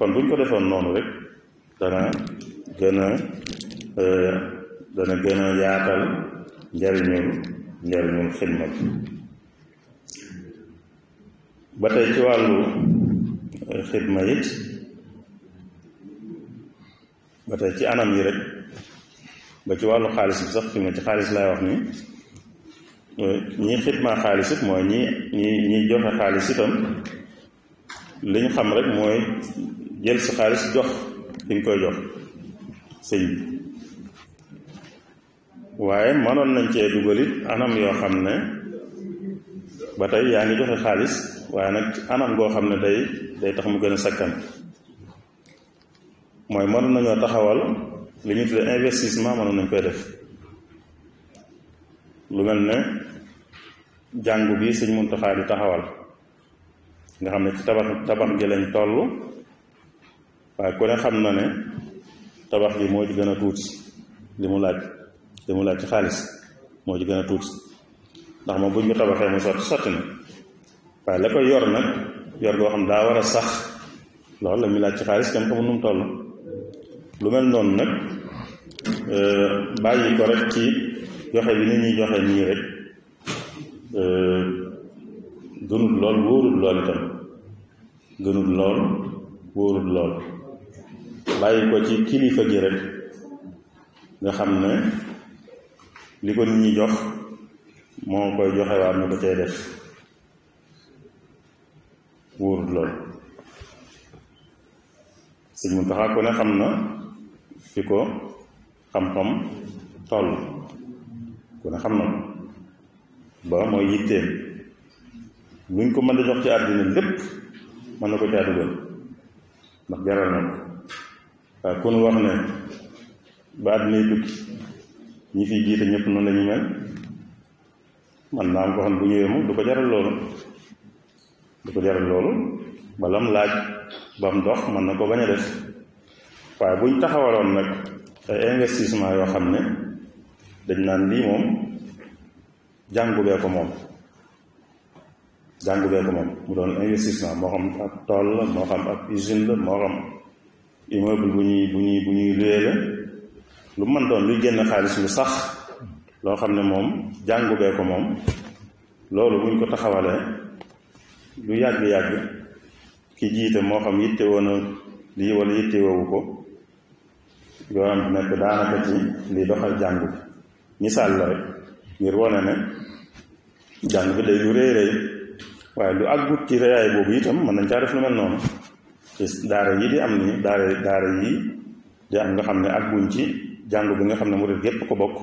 kon buñ ko defoon noonu rek euh, dana gën a yaatal njariñul njariñul xidma bi ba tey ci wàllu euh, xidma it ba tey ci anam yi rek ba ci wàllu xaalis bi sax fi ma ci xaalis laay wax ni euh, ñi xidma xaalis it mooy ñi ñi joxe xaalis itam liñ xam rek mooy jël sa xaalis jox ki nga koy jox sëñ bi waaye mënoon nañ cee dugalit anam yoo xam ne ba tey yaa ngi joxe xaalis waaye nag anam goo xam ne day day tax mu gën a sakkan mooy mënoon nañoo taxawal li ñu tuddee investissement mënoon nañ koy def lu mel ne jàngu bi sëñ Muntaxa di taxawal nga xam ne ci tabax tabax gi lañ toll waaye ku ne xam na ne tabax bi moo ci gën a tuuti li mu laaj li mu laaj ci xaalis moo ci gën a tuuti ndax ma buñ ko tabaxee mu sotti sotti na waaye la koy yor nag yor goo xam daa war a sax lool la mu laaj ci xaalis kenn xamul nu mu toll lu mel noonu nag euh, bàyyi ko rek ci joxe bi ni ñuy joxe nii rek euh, gënul lool wóorul lool itam gënul lool wóorul lool bàyyi ko ci kilifa gi rek nga xam ne li ko nit ñi jox moo koy joxe na ko cay def wóorul lool sëñ mu taxaa ko ne xam na fi ko xam-xam toll ku ne xam na ko ba mooy yitteem luñ ko mën a jox ci àddina lépp mën na ko caa dugal ndax jaral na ko waaw euh, kon wax ne ba àddinay tukki ñi fi jiite ñëpp noonu la ñu mel man naa am ko xam bu ñëwee moom du ko jaral loolu du ko jaral loolu balam laaj bam dox mën na ko bañ a def waaye buñ taxawaloon nag ay investissement yoo xam ne dañ naan lii moom jàngu bee ko moom jàngu bee ko moom mu doon investissement moo xam ab tool moo xam ab usine la moo xam immeuble bu ñuy bu ñuy bu ñuy luyee la lu mën doon luy génn xaalis lu sax loo xam ne moom jàngu bee ko moom loolu buñ ko taxawalee lu yàgg-yàgg ki jiite moo xam yitte woon a lii wala yitte woowu ko yoonam du nekk daanaka ci liy doxal jàngu bi misaal la rek ngir wane ne jàng bi day lu rëy rëy waaye lu àggut ci rëyaay boobu itam mën nañ caa def lu mel noonu daara yi di am ni daara daara yi di am nga xam ne ak buñ ci jàng bi nga xam ne def yépp ko bokk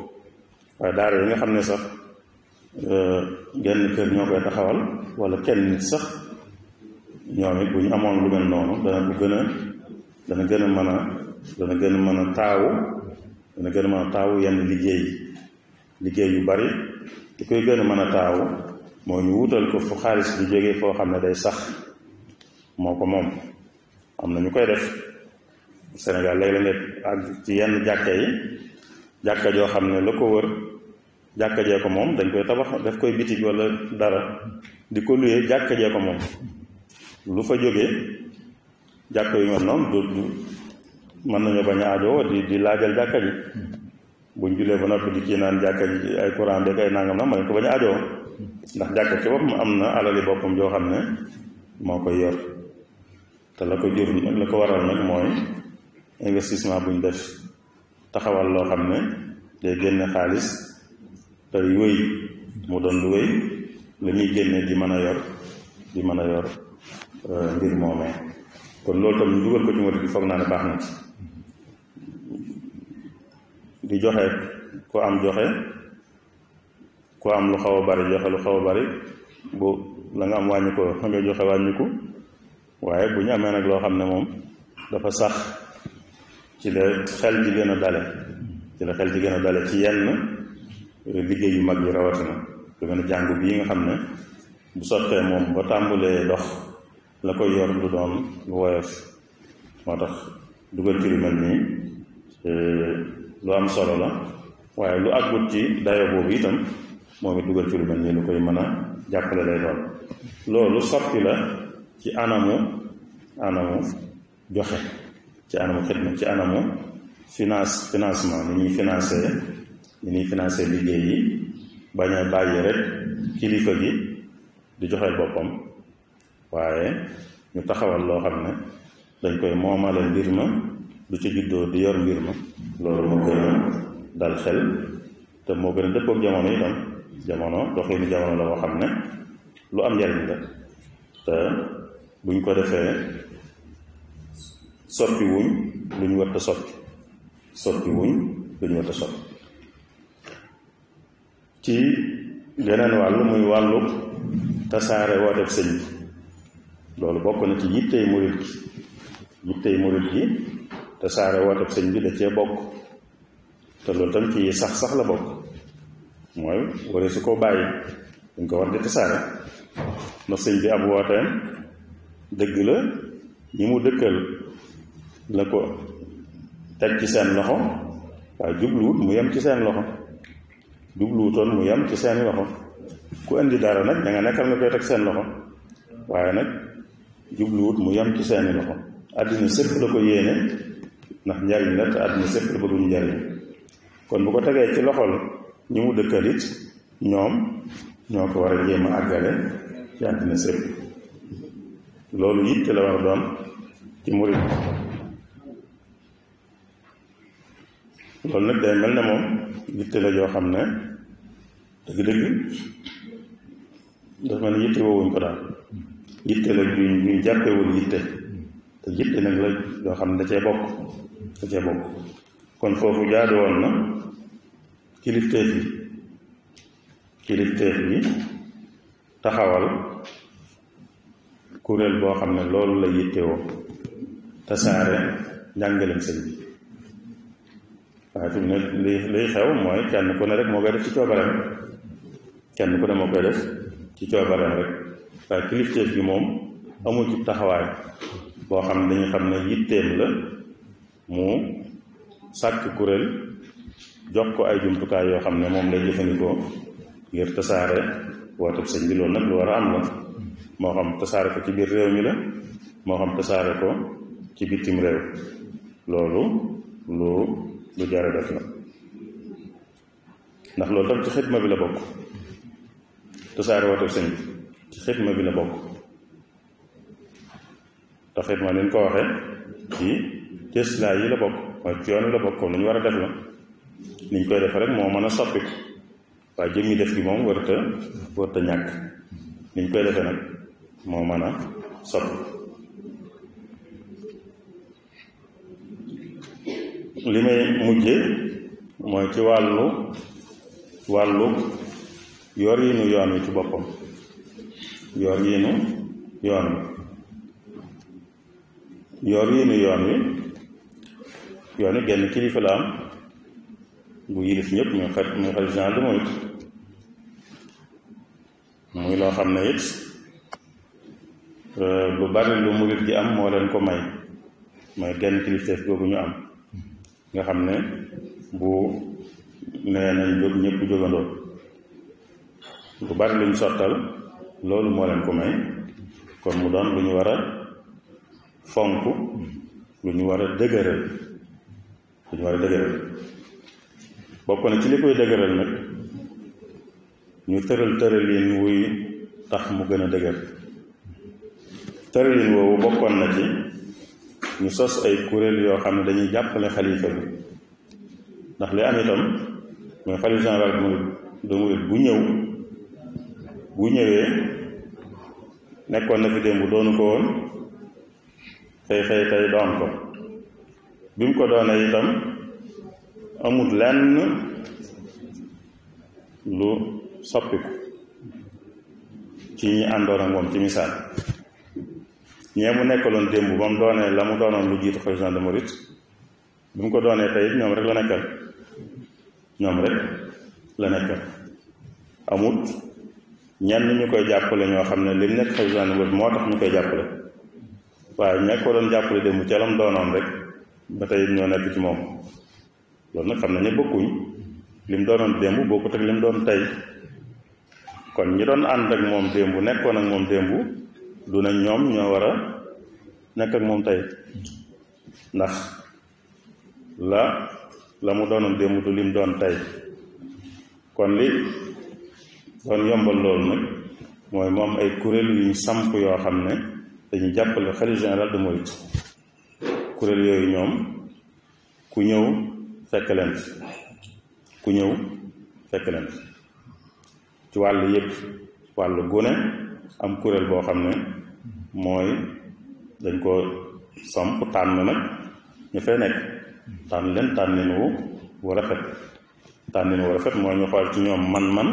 waaye daara yi nga xam ne sax euh, genn kër ñoo koy taxawal wala kenn nit sax ñoom it bu ñu amoon lu mel noonu dana bu gën a dana gën a mën a dana gën a mën a taawu dana gën a mën a taawu yenn liggéey liggéey yu bari li koy gën a mën a taawu moo ñu wutal ko fu xaalis bi jógee foo xam ne day sax moo ko moom am na ñu koy def Sénégal léeg-léeg ak ci yenn jàkka yi jàkka joo xam ne la ko wër jàkka jee ko moom dañ koy tabax daf koy bitig wala dara di ko luye jàkka jee ko moom lu fa jógee jàkka yu mel noonu du du mën nañu di di laajal jàkka ji buñ ba noppi di kii naan jàkka ji ay courant beeg ay nangam nag mën ko bañ a ndax jàkka ci boppam am na alali boppam joo xam ne moo koy yor te la ko jur la ko waral nag mooy investissement buñ def taxawal loo xam ne day génne xaalis tey wéy mu doon lu wéy la ñuy génne di mën a yor di mën a yor euh, mbir moomee kon loolu tam ñu dugal ko ci bi foog naa ne baax na ci di joxe ko am joxe ko am lu xaw a bari joxe lu xaw a bari bu la nga am wàññi ko nga joxe wàññiku waaye bu ñu amee nag loo xam ne moom dafa sax ci la xel ji gën a dale ci la xel ji gën a dale ci yenn liggéey yu mag yi rawatina lu mel ne jàngu bii nga xam ne bu sottee moom ba tàmbulee dox la koy yor du doon lu woyof moo tax dugal ci lu mel nii eh, lu am solo la waaye lu àggut ci dayo boobu itam moom dugal ci lu mel koy mën a jàppale lay doon loolu soppi la ci anamu anamu joxe ci anamu xidma ci anamu finance financement ni ñuy financé ni ñuy financé liggéey yi bañ a bàyyi rek kilifa gi di joxe boppam waaye ñu taxawal loo xam ne dañ koy moomale mbir ma du ci juddoo di yor mbir ma loolu moo gën dal xel te moo gën a dëppoog jamono itam jamono doxinu jamono la boo xam ne lu am njariñ la te buñ ko defee soppi wuñ luñ war a soppi soppi wuñ luñ war soppi ci geneen wàll muy wàllu tasaare wooteb sëñ bi loolu bokk na ci yittey murit gi yittey murit gi tasaare wooteb sëñ bi da cee bokk te loolu tam ci sax sax la bokk mooy waree su ko bàyyi dañ ko war di tasaare ndax sëñ bi ab wooteem dëgg la ñi mu dëkkal la ko teg ci seen loxo waaye jubluwut mu yem ci seen loxo jubluwutoon mu yem ci seen loxo ku indi dara nag da nga nekkal nga koy teg seen loxo waaye nag jubluwut mu yem ci seeni loxo àddina sëpp la ko yéene ndax njariñ la te àddina sëpp la bëgguñ njariñ kon bu ko tegee ci loxol ñi mu dëkkal it ñoom ñoo ko war a jéem àggale ci àddina sëpp loolu yitte la war a doon ci murit loolu nag day mel ne moom yitte la joo xam ne dëgg-dëgg dafa mel ne yitte woowuñ ko daal yitte la ñu jàppewul yitte te yitte nag la yoo xam ne da cee bokk da cee bokk kon foofu jaadu woon na kilifteef yi kilifteef yi taxawal kuréel boo xam ne loolu la yittewoo tasaare njàngaleem sëñ bi waaye fi mu ne li liy xew mooy kenn ku ne rek moo koy def ci coobareem kenn ku ne moo koy def ci coobareem rek waaye kilifteef gi moom amul ci taxawaay boo xam ne dañu xam ne yitteem la mu sàkk kuréel jox ko ay jumtukaay yoo xam ne moom lay jëfandikoo ngir tasaare wooteb sëñ bi loolu nag lu war am la moo xam tasaare ko ci biir réew mi la moo xam tasaare ko ci bitim réew loolu lu lu jara def la ndax loolu tam ci xidma bi la bokk tasaare woote sëñ bi ci xidma bi la bokk te ma ni ko waxee ci cëslaay yi la bokk mooy ci la bokk lu ñu war a def la ni ñu koy defe rek moo mën a soppi waaye jëmmi def gi moom warta warta ñàkk ni koy defee nag moo mën a sotti li may mujje mooy ci wàllu wàllu yor yi nu yoon wi ci boppam yor yi nu yoon wi yor yi nu yoon wi yoon wi genn kilifa la am bu yilif ñëpp muy xaj muy xaj genre de muy muy loo xam ne it Euh, lu bari lu murit gi am moo leen ko may mooy genn kilifteef googu ñu am nga xam ne bu nee nañ ñëpp ñëpp jógandoo lu bari luñ sottal loolu moo leen ko may kon mu doon lu ñu war a fonk lu ñu war a dëgëral lu ñu war a dëgëral na ci li koy dëgëral nag ñu tëral tëral yin wuy tax mu gën a dëgër tëralin woowu bokkoon na ci ñu sos ay kuréel yoo xam ne dañuy jàppale xalifa bi ndax li am itam mooy xalifa général de murid bu ñëw bu ñëwee nekkoon na fi démb doonu ko woon xëy xëy xëy doon ko bi mu ko doonee itam amut lenn lu soppiku ci ñi àndoon moom ci misaal ñee mu nekkaloon démb ba mu doonee la mu doonoon lu jiitu président de Mouride bi mu ko doonee tey ñoom rek la nekkal ñoom rek la nekkal amut ñenn ñu koy jàppale ñoo xam ne lim nekk président de Mouride moo tax ñu koy jàppale waaye ña ko doon jàppale démb ca mu doonoon rek ba tey ñoo nekk ci moom loolu nag xam nañu bokkuñ lim doonoon démb bokkut ak lim doon tey kon ñi doon ànd ak moom démb nekkoon ak moom démb. du na ñoom ñoo war a nekk ak moom tey ndax la la mu doon démb lim doon tey kon li doon yombal loolu nag mooy moom ay kuréel yu samp yoo xam ne dañu jàppale xalifa général de Mouride kuréel yooyu ñoom ku ñëw fekk leen ku ñëw fekk leen ci wàll yëpp wàllu gune am kuréel boo xam ne mooy dañ ko samp tànn nag ñu fay nekk tànn leen tànnin wu rafet tànnin wu rafet mooy ñu xool ci ñoom man-man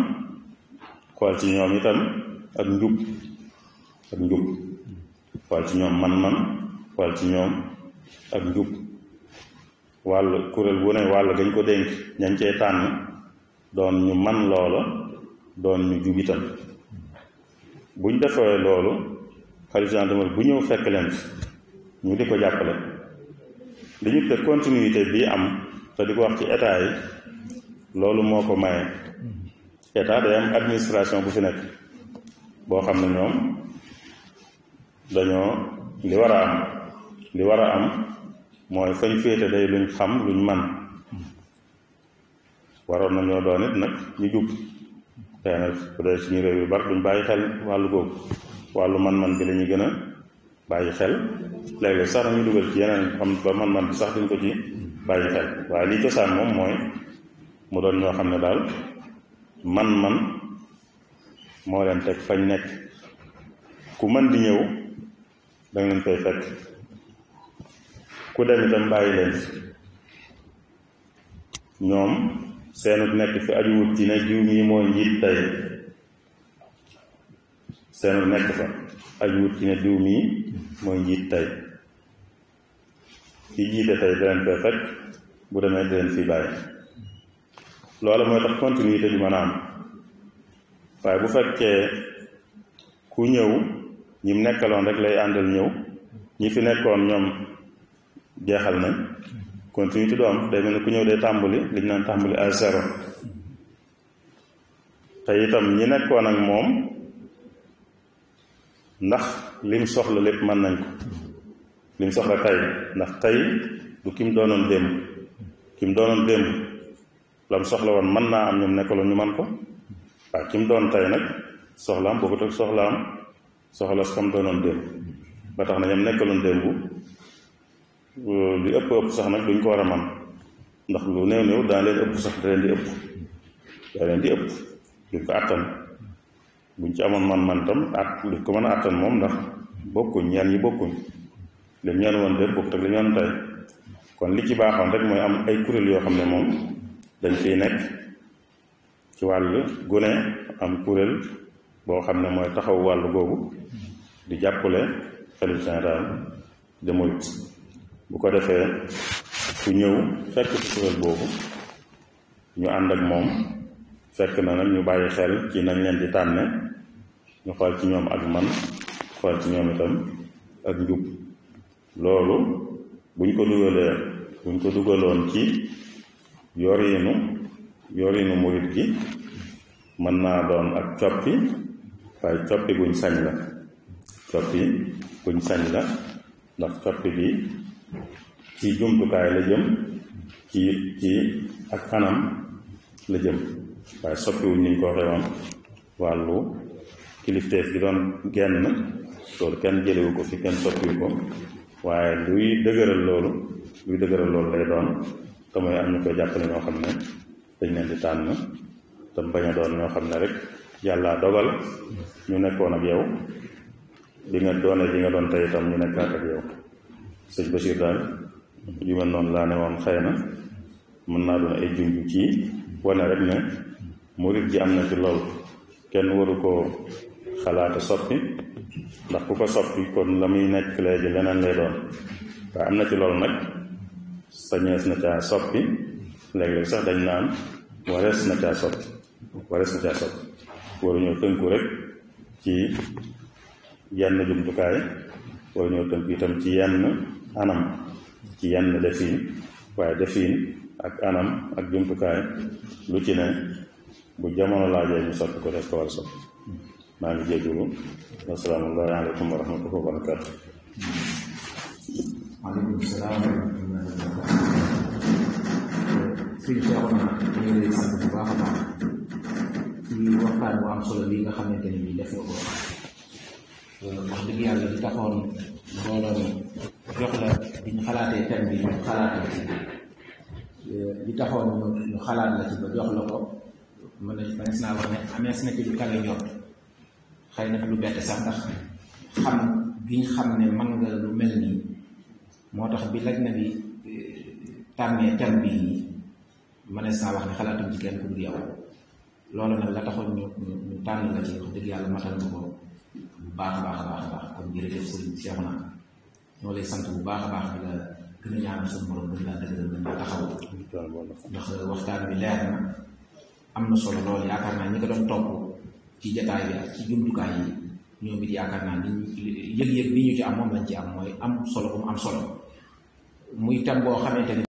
xool ci ñoom itam ak njub ak njub xool ci ñoom man-man xool ci ñoom ak njub wàll kuréel bu ne wàll dañ ko dénk ñañ cee tànn doon ñu man loola doon ñu jub itam buñ defee loolu xalifa général bu ñëw fekk leen ñu di ko jàppale li ñu te continuité bii am te di ko wax ci état yi loolu moo ko maye état day am administration bu fi nekk boo xam ne ñoom dañoo li war a am li war a am mooy fañ féete day luñ xam luñ man waroon nañoo doon it nag ñu jub tey nag bu dee suñu réew yi bari duñ bàyyi xel wàll googu wàllu man-man bi la ñu gën a bàyyi xel léeg-léeg sax nañu dugal ci yeneen ba man-man bi sax duñ ko ci bàyyi xel waaye li cosaan moom mooy mu doon ñoo xam ne daal man-man moo leen teg fañ nekk ku mën di ñëw danga leen koy fekk ku dem itam bàyyi leen ñoom seenu nekk fi ajuwut ci ne jiw mii mooy njiit tey seenul nekk fa ak wut ci ne diw mii mooy njiit tey ci jiite tey da leen fekk bu demee da leen fi bàyyi loolu mooy tax continuité bi mën a waaye bu fekkee ku ñëw ñim nekkaloon rek lay àndal ñëw ñi fi nekkoon ñoom jeexal nañ continuité du am day mel ne ku ñëw day tàmbali li naan tàmbali à zéro te itam ñi nekkoon ak moom ndax lim soxla lépp man nañ ko lim soxla tey ndax tey du kim doonoon démb kim doonoon démb lam soxla woon mën naa am ñoom nekkaloon ñu man ko waaw kim doon tey nag soxlaam bokkut ak soxlaam soxla su kam doonoon démb ba tax na ñoom nekkaloon démb li ëpp ëpp sax nag duñ ko war a man ndax lu néew néew daa leen ëpp sax da leen di ëpp daa leen di ëpp duñ ko àttan buñ ci amoon man-man tam ak lu ko mën a àttan moom ndax bokkuñ ñaar ñi bokkuñ li ñu ñaan woon déet bokkut ak li ñu ñaan kon li ci baaxoon rek mooy am ay kuréel yoo xam ne moom dañ ciy nekk ci wàllu gune am kuréel boo xam ne mooy taxaw wàllu googu di jàppale xalif général de Mouride bu ko defee ku ñëw fekk ci kuréel boobu ñu ànd ak moom fekk na nag ñu bàyyi xel ci nañ leen di tànne ñu xool ci ñoom ak man xool ci ñoom itam ak njub loolu buñ ko dugalee buñ ko dugaloon ci yorinu yorinu murit gi mën naa doon ak coppi waaye coppi guñ sañ la coppi guñ sañ la ndax coppi bi ci jumtukaay la jëm ci ci ak anam la jëm waaye soppiwuñ niñ ko waxee wàllu kilifteef gi doon genn loolu kenn jëlewu ko fi kenn soppiwu ko waaye luy dëgëral loolu luy dëgëral loolu lay doon te mooy am na ko jàppale ñoo xam ne dañ leen di tànn te bañ a doon ñoo xam ne rek yàlla dogal ñu nekkoon ak yow li nga doone li nga doon tey itam ñu nekkaat ak yow sëñ Bachir daal yu mel noonu laa ne woon xëy na mën naa doon ay junj ci wane rek ne murit ji am na ci lool kenn waru ko xalaata soppi ndax ku ko soppi kon la muy nekk léegi leneen lay doon waaye am na ci loolu nag sañees na caa soppi léeg-léeg sax dañ naan warees na caa soppi warees na caa soppi waruñoo tënku rek ci yenn jumtukaay waruñoo tënku itam ci yenn anam ci yenn defiin waaye defiin ak anam ak jumtukaay lu ci ne bu jamono laajee ñu soppi ko def ko war a soppi maa ngi jégalu asalaamaaleykum wa rahmatulah wa barakaatu. maaleykum a baax ci am solo bi nga xamante ne bii def nga wax dëgg yàlla li taxoon mbooloo jox la bi xalaatee thème bi xalaat la ci taxoon ñu xalaat la ci ba jox la ko mën na mën naa wax ne amees na ci lu kawe njort xëy na lu bett sax ndax xam bi nga xam ne man nga lu mel nii moo tax bi laj na bi e, tàmmee bi ma ne saa wax ne xalaatum ci kenn yow loolu nag la taxoon ñu ñu tànn la ci wax dëgg yàlla matal nga ko bu baax a baax a baax a baax kon jërëjëf sëriñ Cheikh na ñoo lay sant bu baax a baax di la gën a ñaanal suñu borom gën laa dëgg gën laa taxaw ndax waxtaan bi leer na am na solo lool yaakaar naa ñi ko doon topp ci jataay bi ak ci jumtukaay yi ñoom it yaakaar naa ni yëg-yëg bi ñu ci am moom lañ ci am mooy am solo bu am solo muy tam boo xamante ni